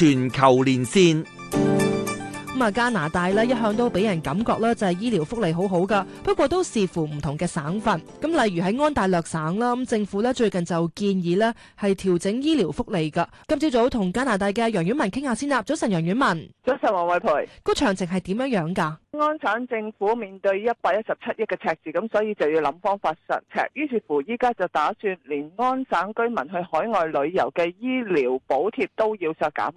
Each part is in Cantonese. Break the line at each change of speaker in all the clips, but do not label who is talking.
全球連線。加拿大咧一向都俾人感覺就係醫療福利好好噶，不過都視乎唔同嘅省份。咁例如喺安大略省啦，咁政府咧最近就建議咧係調整醫療福利噶。今朝早同加拿大嘅楊婉文傾下先啦。早晨，楊婉文。
早晨，王慧蓓。個
詳情係點樣樣噶？
安省政府面對一百一十七億嘅赤字，咁所以就要諗方法實赤。於是乎，依家就打算連安省居民去海外旅遊嘅醫療補貼都要削減。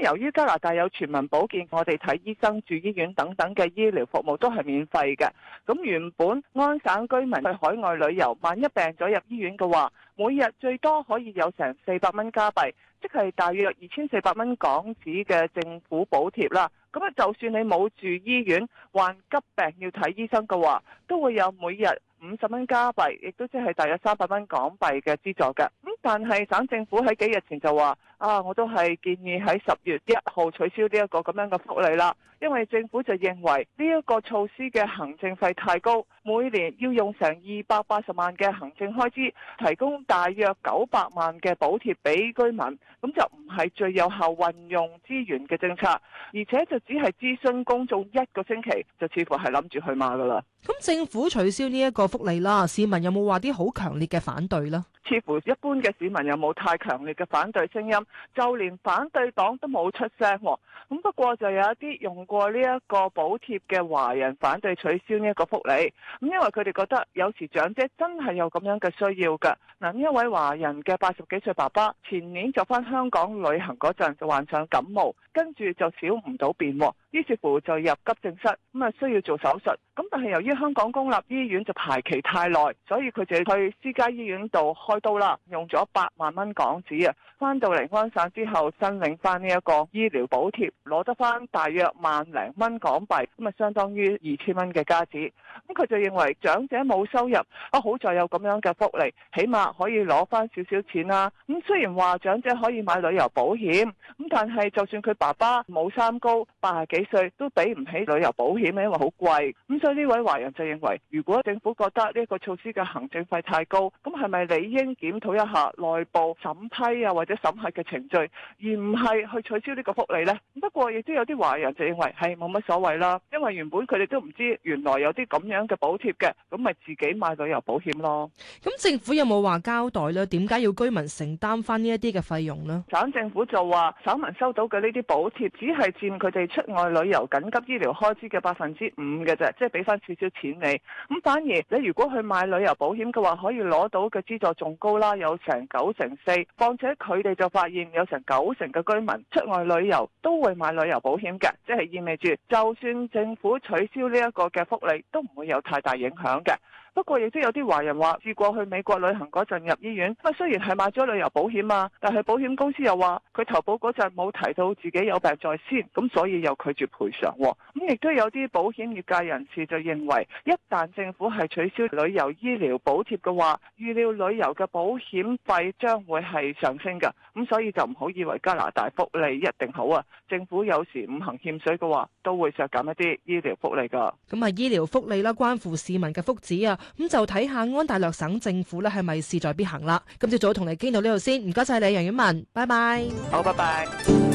由於加拿大有全民保健，我哋睇醫生、住醫院等等嘅醫療服務都係免費嘅。咁原本安省居民去海外旅遊，萬一病咗入醫院嘅話，每日最多可以有成四百蚊加幣，即係大約二千四百蚊港紙嘅政府補貼啦。咁啊，就算你冇住醫院，患急病要睇醫生嘅話，都會有每日五十蚊加幣，亦都即係大約三百蚊港幣嘅資助嘅。但係省政府喺幾日前就話啊，我都係建議喺十月一號取消呢一個咁樣嘅福利啦，因為政府就認為呢一個措施嘅行政費太高，每年要用成二百八十萬嘅行政開支，提供大約九百萬嘅補貼俾居民，咁就唔係最有效運用資源嘅政策，而且就只係諮詢公眾一個星期，就似乎係諗住去買噶啦。
咁政府取消呢一個福利啦，市民有冇話啲好強烈嘅反對咧？
似乎一般嘅。市民有冇太強烈嘅反對聲音？就連反對黨都冇出聲喎。咁不過就有一啲用過呢一個補貼嘅華人反對取消呢一個福利。咁因為佢哋覺得有時長者真係有咁樣嘅需要㗎。嗱，呢一位華人嘅八十幾歲爸爸，前年就返香港旅行嗰陣就患上感冒，跟住就少唔到變。於是乎就入急症室，咁啊需要做手術。咁但係由於香港公立醫院就排期太耐，所以佢就去私家醫院度開刀啦，用咗八萬蚊港紙啊。翻到嚟安省之後，申領翻呢一個醫療補貼，攞得翻大約萬零蚊港幣，咁啊相當於二千蚊嘅加紙。咁佢就認為長者冇收入，啊好在有咁樣嘅福利，起碼可以攞翻少少錢啦，啊。咁雖然話長者可以買旅遊保險，咁但係就算佢爸爸冇三高，八十幾稅都俾唔起旅遊保險，因為好貴。咁所以呢位華人就認為，如果政府覺得呢個措施嘅行政費太高，咁係咪理應檢討一下內部審批啊或者審核嘅程序，而唔係去取消呢個福利呢？不過亦都有啲華人就認為係冇乜所謂啦，因為原本佢哋都唔知原來有啲咁樣嘅補貼嘅，咁咪自己買旅遊保險咯。
咁政府有冇話交代呢？點解要居民承擔翻呢一啲嘅費用呢？
省政府就話，省民收到嘅呢啲補貼，只係佔佢哋出外旅遊緊急醫療開支嘅百分之五嘅啫，即係俾翻少少錢你。咁反而你如果去買旅遊保險嘅話，可以攞到嘅資助仲高啦，有成九成四。況且佢哋就發現有成九成嘅居民出外旅遊都會買旅遊保險嘅，即係意味住就算政府取消呢一個嘅福利，都唔會有太大影響嘅。不過亦都有啲華人話試過去美國旅行嗰陣入醫院，雖然係買咗旅遊保險啊，但係保險公司又話佢投保嗰陣冇提到自己有病在先，咁所以又拒絕。賠償。咁亦都有啲保險業界人士就認為，一旦政府係取消旅遊醫療補貼嘅話，預料旅遊嘅保險費將會係上升噶，咁所以就唔好以為加拿大福利一定好啊！政府有時五行欠水嘅話，都會削減一啲醫療福利噶。
咁啊，醫療福利啦，關乎市民嘅福祉啊，咁就睇下安大略省政府咧係咪勢在必行啦。今朝早同你傾到呢度先，唔該晒你楊婉文，拜拜。
好，拜拜。